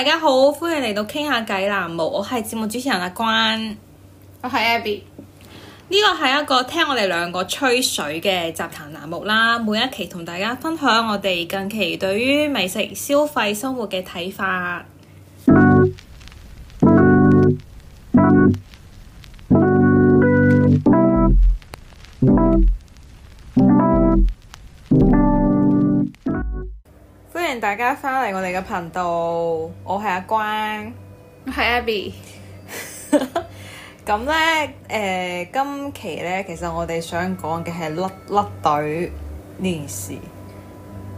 大家好，歡迎嚟到傾下偈欄目，我係節目主持人阿關，我係 Abbie。呢個係一個聽我哋兩個吹水嘅雜談欄目啦，每一期同大家分享我哋近期對於美食、消費、生活嘅睇法。 歡迎大家翻嚟我哋嘅頻道，我係阿關，我係 Abbie。 b 咁咧，誒，今期咧，其實我哋想講嘅係甩甩隊呢件事。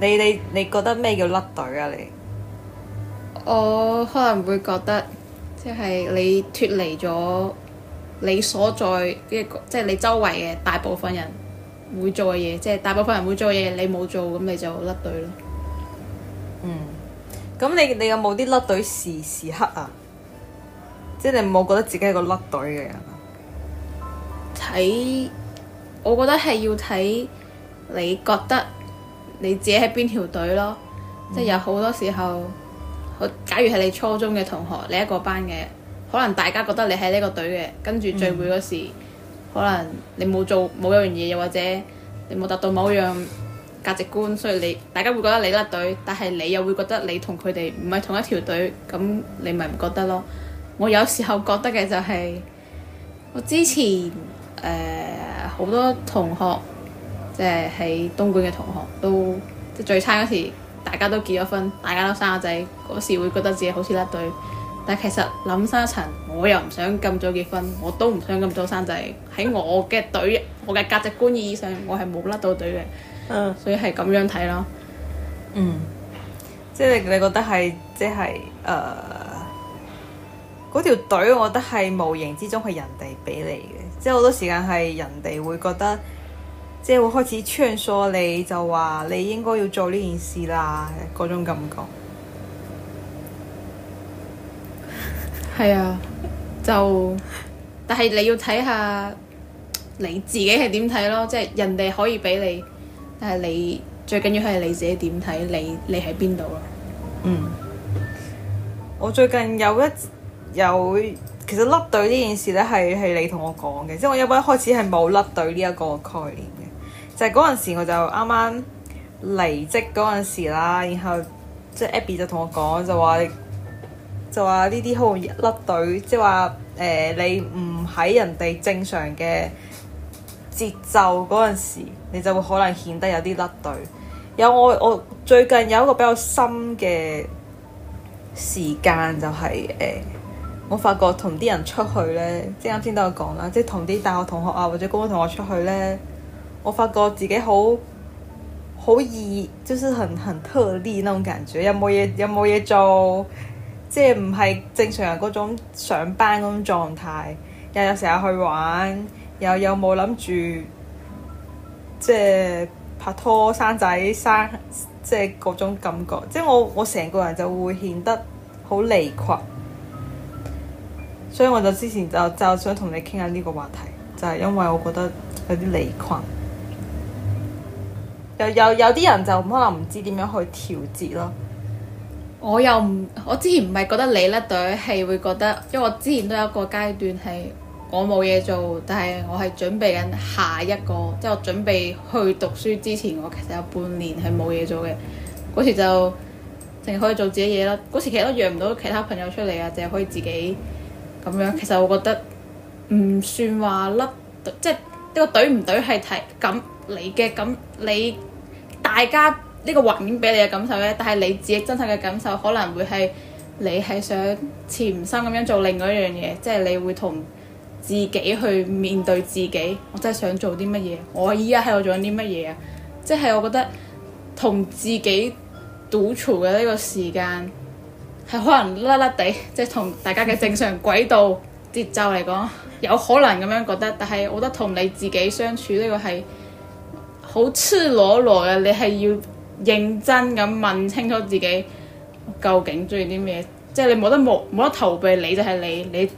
你你你覺得咩叫甩隊啊？你我可能會覺得，即係你脫離咗你所在一個，即係你周圍嘅大部分人會做嘅嘢，即係大部分人會做嘅嘢，你冇做，咁你就甩隊咯。嗯，咁你你有冇啲甩隊時時刻啊？即係你冇覺得自己係個甩隊嘅人啊？睇，我覺得係要睇你覺得你自己喺邊條隊咯。嗯、即係有好多時候，我假如係你初中嘅同學，你一個班嘅，可能大家覺得你喺呢個隊嘅，跟住聚會嗰時，嗯、可能你冇做某樣嘢，又或者你冇達到某樣。價值觀，所以你大家會覺得你甩隊，但係你又會覺得你同佢哋唔係同一條隊，咁你咪唔覺得咯？我有時候覺得嘅就係、是、我之前誒好、呃、多同學，即係喺東莞嘅同學都聚餐嗰時，大家都結咗婚，大家都生個仔嗰時，會覺得自己好似甩隊。但係其實諗深一層，我又唔想咁早結婚，我都唔想咁早生仔。喺我嘅隊，我嘅價值觀意義上，我係冇甩到隊嘅。嗯，uh, 所以係咁樣睇咯。嗯，即係你你覺得係，即係誒，嗰條隊，我覺得係無形之中係人哋畀你嘅，即係好多時間係人哋會覺得，即係會開始穿梭你，你就話你應該要做呢件事啦，嗰種感覺。係 啊，就，但係你要睇下你自己係點睇咯，即係人哋可以畀你。但係你最緊要係你自己點睇，你你喺邊度咯？嗯，我最近有一有，其實甩隊呢件事咧係係你同我講嘅，即係我一般開始係冇甩隊呢一個概念嘅，就係嗰陣時我就啱啱離職嗰陣時啦，然後即係 Abbie 就同我講就話就話呢啲好容易甩隊，即係話誒你唔喺人哋正常嘅節奏嗰陣時，你就會可能顯得有啲甩隊。有我我最近有一個比較深嘅時間，就是，就係誒，我發覺同啲人出去咧，即係啱先都有講啦，即係同啲大學同學啊，或者高中同學出去咧，我發覺自己好好易，就是很很特例嗰種感覺，有冇嘢，有冇嘢做，即係唔係正常人嗰種上班嗰種狀態，又有成日去玩。又有冇諗住即係拍拖生仔生即係各種感覺？即係我我成個人就會顯得好離群，所以我就之前就就想同你傾下呢個話題，就係、是、因為我覺得有啲離群。又有有有啲人就可能唔知點樣去調節咯。我又唔，我之前唔係覺得你甩隊，係會覺得，因為我之前都有一個階段係。我冇嘢做，但係我係準備緊下一個，即係我準備去讀書之前，我其實有半年係冇嘢做嘅。嗰時就淨係可以做自己嘢啦。嗰時其實都約唔到其他朋友出嚟啊，淨係可以自己咁樣。其實我覺得唔算話甩，即係呢個對唔對係睇咁你嘅，咁你大家呢個環境俾你嘅感受咧。但係你自己真實嘅感受，可能會係你係想潛心咁樣做另外一樣嘢，即係你會同。自己去面對自己，我真係想做啲乜嘢？我依家喺度做緊啲乜嘢啊？即係我覺得同自己獨處嘅呢個時間係可能甩甩地，即係同大家嘅正常軌道節奏嚟講，有可能咁樣覺得。但係我覺得同你自己相處呢、這個係好赤裸裸嘅，你係要認真咁問清楚自己究竟中意啲咩？即係你冇得冇冇得逃避你、就係你，你就係你你。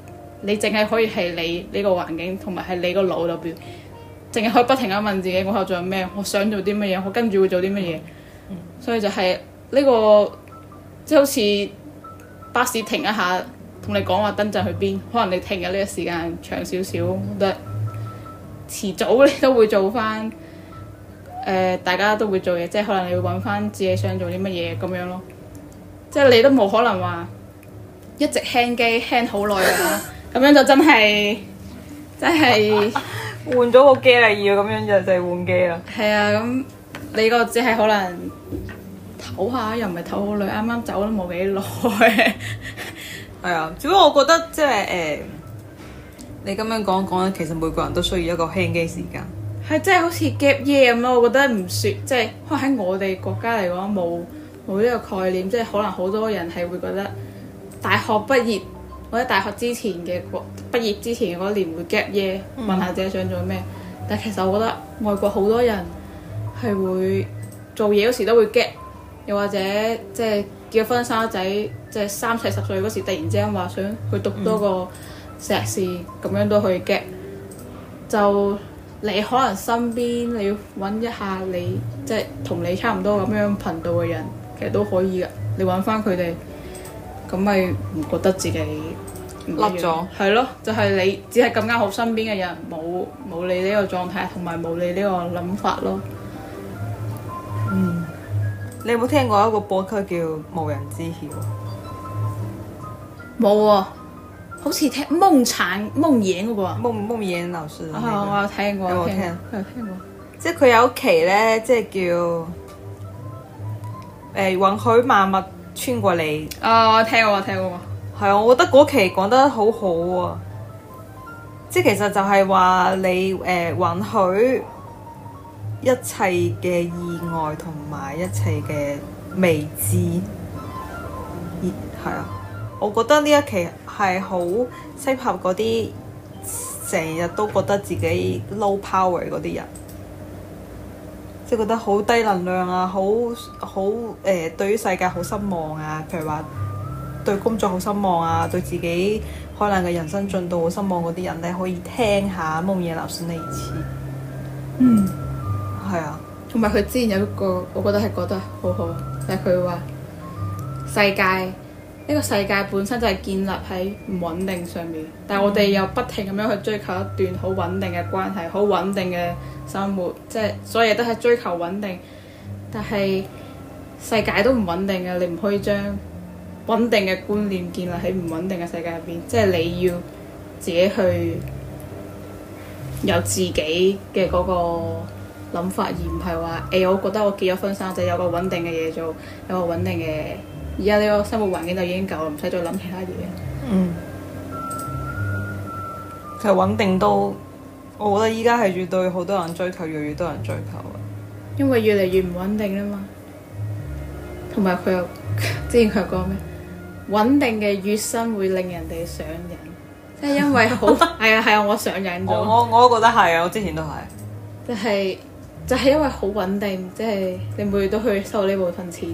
你淨係可以係你呢個環境，同埋係你個腦入邊，譬如淨係可以不停咁問自己，我後仲有咩？我想做啲乜嘢？我跟住會做啲乜嘢？嗯、所以就係、是、呢、這個，即、就、係、是、好似巴士停一下，同你講話等陣去邊。可能你停嘅呢個時間長少少，覺得、嗯、遲早你都會做翻。誒、呃，大家都會做嘢，即、就、係、是、可能你會揾翻自己想做啲乜嘢咁樣咯。即、就、係、是、你都冇可能話一直 hang 機 hang 好耐啊！ 咁樣就真係，真係、啊啊、換咗個機啦！要咁樣就係換機啦。係啊，咁你個只係可能唞下，又唔係唞好耐，啱啱走都冇幾耐。係 啊，主要我覺得即係誒、呃，你咁樣講講，其實每個人都需要一個輕機時間。係，即係好似 gap year 咁咯。我覺得唔算，即係可能喺我哋國家嚟講冇冇呢個概念，即係可能好多人係會覺得大學畢業。我喺大學之前嘅，畢業之前嗰年會 gap year，問下自己想做咩。嗯、但其實我覺得外國好多人係會做嘢嗰時都會 gap 又或者即係結婚生仔，即係三四十歲嗰時突然之間話想去讀多個碩士，咁、嗯、樣都可以 gap 就你可能身邊你要揾一下你，即係同你差唔多咁樣頻道嘅人，嗯、其實都可以噶。你揾翻佢哋，咁咪唔覺得自己？落咗，係咯，就係你只係咁啱好身邊嘅人冇冇你呢個狀態，同埋冇你呢個諗法咯。嗯， 你有冇聽過一個播客叫《無人知曉》？冇啊，好似聽孟岩、孟岩嗰、那個啊，孟、孟岩老師啊，我有聽過，有聽，有聽過。即係佢有期咧，即係叫誒允許萬物穿過你。啊、哦，我聽過，聽過。係啊，我覺得嗰期講得好好啊，即係其實就係話你誒、呃、允許一切嘅意外同埋一切嘅未知，嗯係啊，我覺得呢一期係好適合嗰啲成日都覺得自己 low power 嗰啲人，即係覺得好低能量啊，好好誒，對於世界好失望啊，譬如話。對工作好失望啊！對自己可能嘅人生進度好失望嗰啲人，你可以聽下《夢嘢流線》呢次。嗯，係啊。同埋佢之前有一個，我覺得係覺得好好，但係佢話：世界，呢個世界本身就係建立喺唔穩定上面，但係我哋又不停咁樣去追求一段好穩定嘅關係、好穩定嘅生活，即係所以都係追求穩定，但係世界都唔穩定嘅，你唔可以將。穩定嘅觀念建立喺唔穩定嘅世界入邊，即係你要自己去有自己嘅嗰個諗法，而唔係話誒我覺得我結咗婚生仔有個穩定嘅嘢做，有個穩定嘅，而家呢個生活環境就已經夠，唔使再諗其他嘢。嗯，其實穩定到，我覺得依家係越對好多人追求，越越多人追求，因為越嚟越唔穩定吖嘛，同埋佢有之前佢有講咩？穩定嘅月薪會令人哋上癮，即係因為好，係啊，係啊，我上癮咗。我我都覺得係啊，我之前都係，就係就係因為好穩定，即係你每月都去收呢部分錢。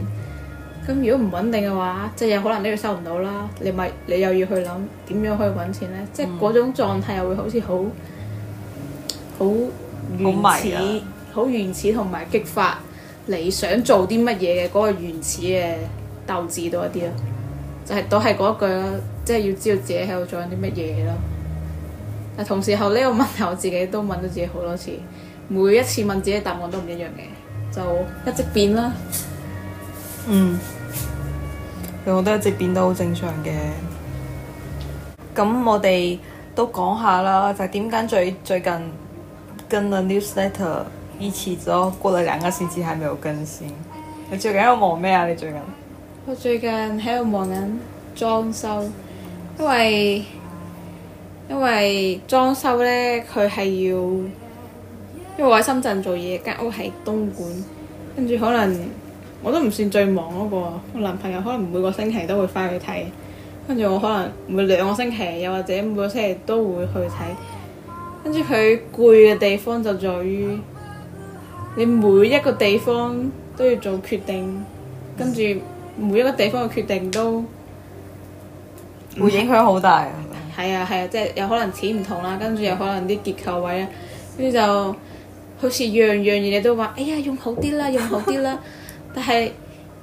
咁如果唔穩定嘅話，就有可能呢個月收唔到啦。你咪你又要去諗點樣可以揾錢呢？嗯、即係嗰種狀態又會好似好好原始、好迷啊、原始，同埋激發你想做啲乜嘢嘅嗰個原始嘅鬥志多一啲咯。就係都係嗰句啦，即係要知道自己喺度做緊啲乜嘢咯。但同時候呢個問題，我自己都問咗自己好多次，每一次問自己答案都唔一樣嘅，就一直變啦。嗯，我覺得一直變都好正常嘅。咁、嗯、我哋都講下啦，就係點解最最近跟個 newsletter 遲咗過了兩個星期，還沒有更新？你最近喺度忙咩啊？你最近？我最近喺度忙緊裝修，因為因為裝修咧，佢係要，因為我喺深圳做嘢，間屋喺東莞，跟住可能我都唔算最忙嗰個，我男朋友可能每個星期都會翻去睇，跟住我可能每兩個星期，又或者每個星期都會去睇，跟住佢攰嘅地方就在於你每一個地方都要做決定，跟住。每一個地方嘅決定都會影響好大。係啊係啊，即係有可能錢唔同啦，啊，跟住有可能啲結構位啊，跟住就好似樣樣嘢你都話：哎呀，用好啲啦，用好啲啦。 但係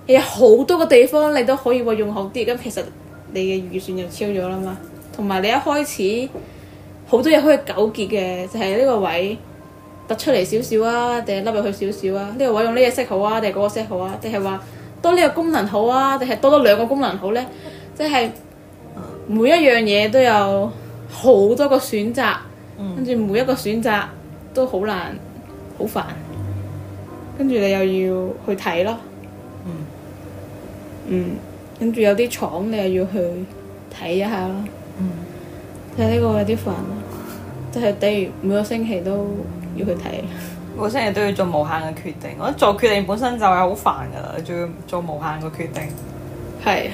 有好多個地方你都可以話用好啲，咁其實你嘅預算就超咗啦嘛。同埋你一開始好多嘢可以糾結嘅，就係、是，呢個位突出嚟少少啊，定係凹入去少少啊？呢，這個位用呢隻色好啊，定係嗰個色好啊？定係話？多呢個功能好啊，定係多多兩個功能好呢？即、就、係、是、每一樣嘢都有好多個選擇，跟住、嗯、每一個選擇都好難，好煩。跟住你又要去睇咯，嗯，跟住、嗯、有啲廠你又要去睇一下咯，睇呢、嗯、個有啲煩，即係例如每個星期都要去睇。嗯 我星期都要做無限嘅決定，我做決定本身就係好煩噶啦，仲要做無限嘅決定，係、啊、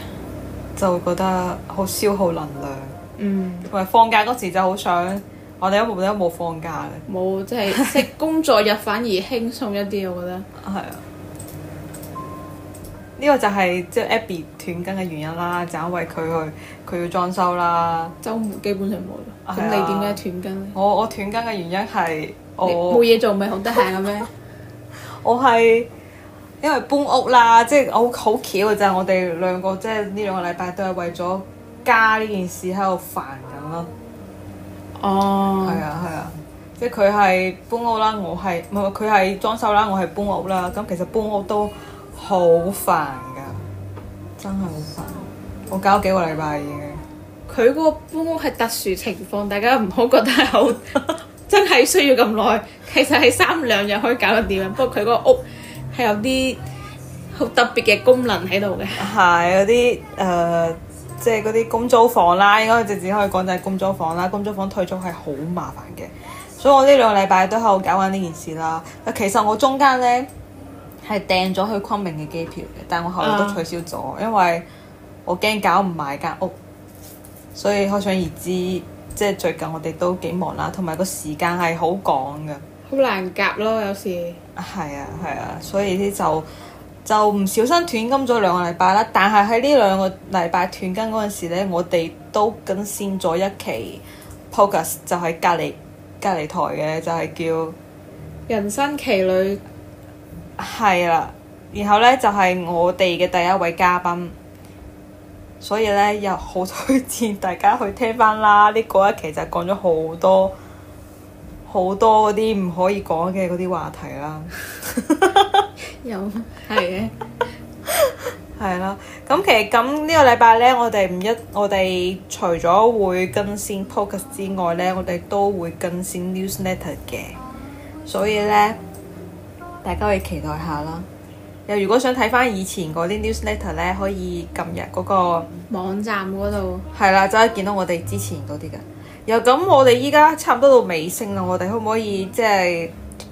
就會覺得好消耗能量。嗯，同埋放假嗰時就好想，我哋都冇，都冇放假嘅，冇即係食工作日 反而輕鬆一啲，我覺得係啊。呢、這個就係即係 Abbie 斷更嘅原因啦，就因為佢去，佢要裝修啦。週末基本上冇。咁、啊、你點解斷更？我我斷更嘅原因係。冇嘢我做咪好得閒嘅咩？ 我係因為搬屋啦，即係好好巧嘅就係我哋兩個即係呢兩個禮拜都係為咗家呢件事喺度煩緊咯。哦、oh. 啊，係啊係啊，即係佢係搬屋啦，我係唔係佢係裝修啦，我係搬屋啦。咁其實搬屋都好煩噶，真係好煩。我搞咗幾個禮拜嘅。佢個 搬屋係特殊情況，大家唔好覺得係好。 真係需要咁耐，其實係三兩日可以搞得掂。不過佢嗰個屋係有啲好特別嘅功能喺度嘅。係嗰啲誒，即係嗰啲公租房啦，應該直接可以講就係公租房啦。公租房退租係好麻煩嘅，所以我呢兩個禮拜都喺度搞緊呢件事啦。其實我中間呢係訂咗去昆明嘅機票嘅，但係我後來都取消咗，uh. 因為我驚搞唔埋間屋，所以可想而知。即係最近我哋都幾忙啦，同埋個時間係好趕㗎，好難夾咯，有時。係啊，係啊，所以啲就就唔小心斷更咗兩個禮拜啦。但係喺呢兩個禮拜斷更嗰陣時咧，我哋都更新咗一期 focus，就係隔離隔離台嘅，就係、是、叫人生奇旅。係啦、啊，然後咧就係、是、我哋嘅第一位嘉賓。所以咧，又好推薦大家去聽返啦！呢、這個一期就講咗好多好多嗰啲唔可以講嘅嗰啲話題啦。 有係嘅，係啦。咁 其實咁呢個禮拜咧，我哋唔一，我哋除咗會更新 podcast 之外咧，我哋都會更新 newsletter 嘅。所以咧，大家可以期待下啦。又如果想睇翻以前嗰啲 newsletter 咧，可以撳入嗰個網站嗰度，係啦，就可以見到我哋之前嗰啲噶。又咁，我哋依家差唔多到尾聲啦。我哋可唔可以即係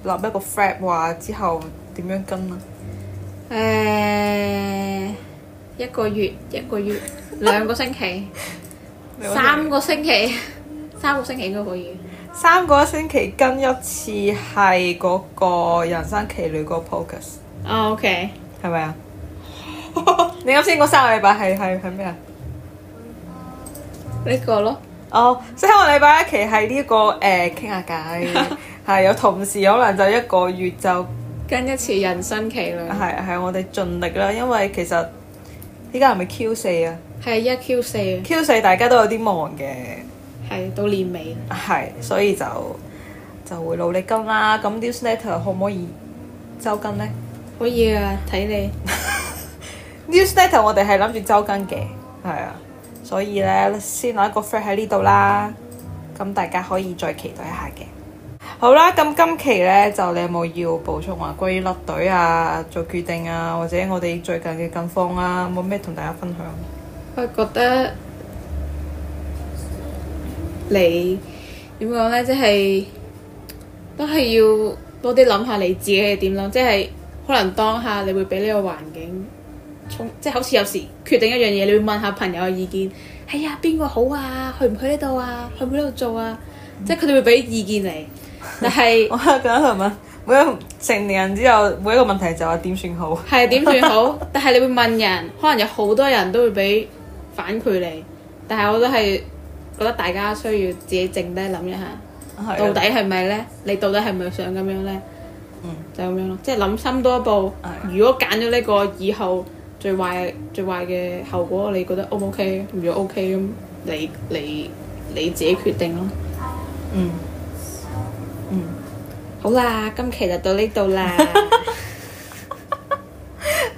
立一個 flag 話之後點樣跟啊？誒、欸，一個月一個月兩個星期 三個星期, 三個星期三個星期應該可以三個星期跟一次係嗰個《人生奇旅》嗰個 focus。啊、oh，OK，係咪啊？ 你啱先講三個禮拜係係係咩啊？呢個咯。哦，三個禮拜一期係呢、這個誒，傾下偈係有同事可能就一個月就跟一次人生奇旅。係係，我哋盡力啦，因為其實依家係咪 Q 四啊？係一 Q 四。Q 四大家都有啲忙嘅，係到年尾，係所以就就會努力跟啦。咁啲 newsletter 可唔可以周更呢？可以啊，睇你。Newsletter 我哋係諗住周更嘅，係啊，所以咧先攞一個 friend 喺呢度啦。咁大家可以再期待一下嘅。好啦，咁今期咧就你有冇要補充啊？關於甩隊啊、做決定啊，或者我哋最近嘅近況啊，冇咩同大家分享。我覺得你點講咧，即係都係要多啲諗下你自己係點諗，即係。可能當下你會俾呢個環境，即係好似有時決定一樣嘢，你會問下朋友嘅意見。係、哎、啊，邊個好啊？去唔去呢度啊？去唔去呢度做啊？嗯、即係佢哋會俾意見你，但係 我覺得係咪？每一個成年人之後，每一個問題就話點算好？係 點算好？但係你會問人，可能有好多人都會俾反饋你，但係我都係覺得大家需要自己靜低諗一下，啊、到底係咪咧？你到底係咪想咁樣咧？嗯、就咁樣咯，即係諗深多一步。嗯、如果揀咗呢個，以後最壞最壞嘅後果，你覺得 O 唔 OK？如果 OK 咁，你你你自己決定咯。嗯嗯，嗯、好啦，今期就到呢度啦。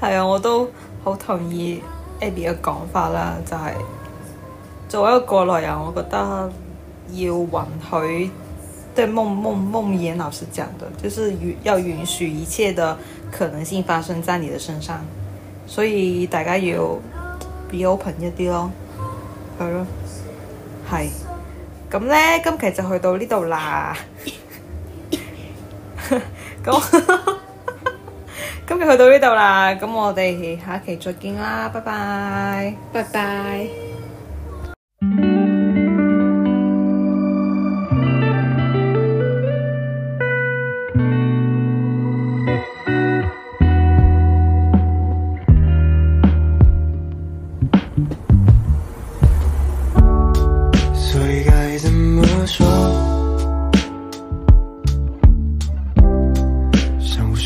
係啊，我都好同意 Abbie 嘅講法啦，就係、是、做一個過來人，我覺得要允許。對夢夢夢妍老師講的，就是要允許一切的可能性發生在你的身上，所以大家要 be open 一啲咯，係咯，係，咁呢，今期就去到呢度啦，咁 今日去到呢度啦，咁我哋下期再見啦，拜拜，拜拜。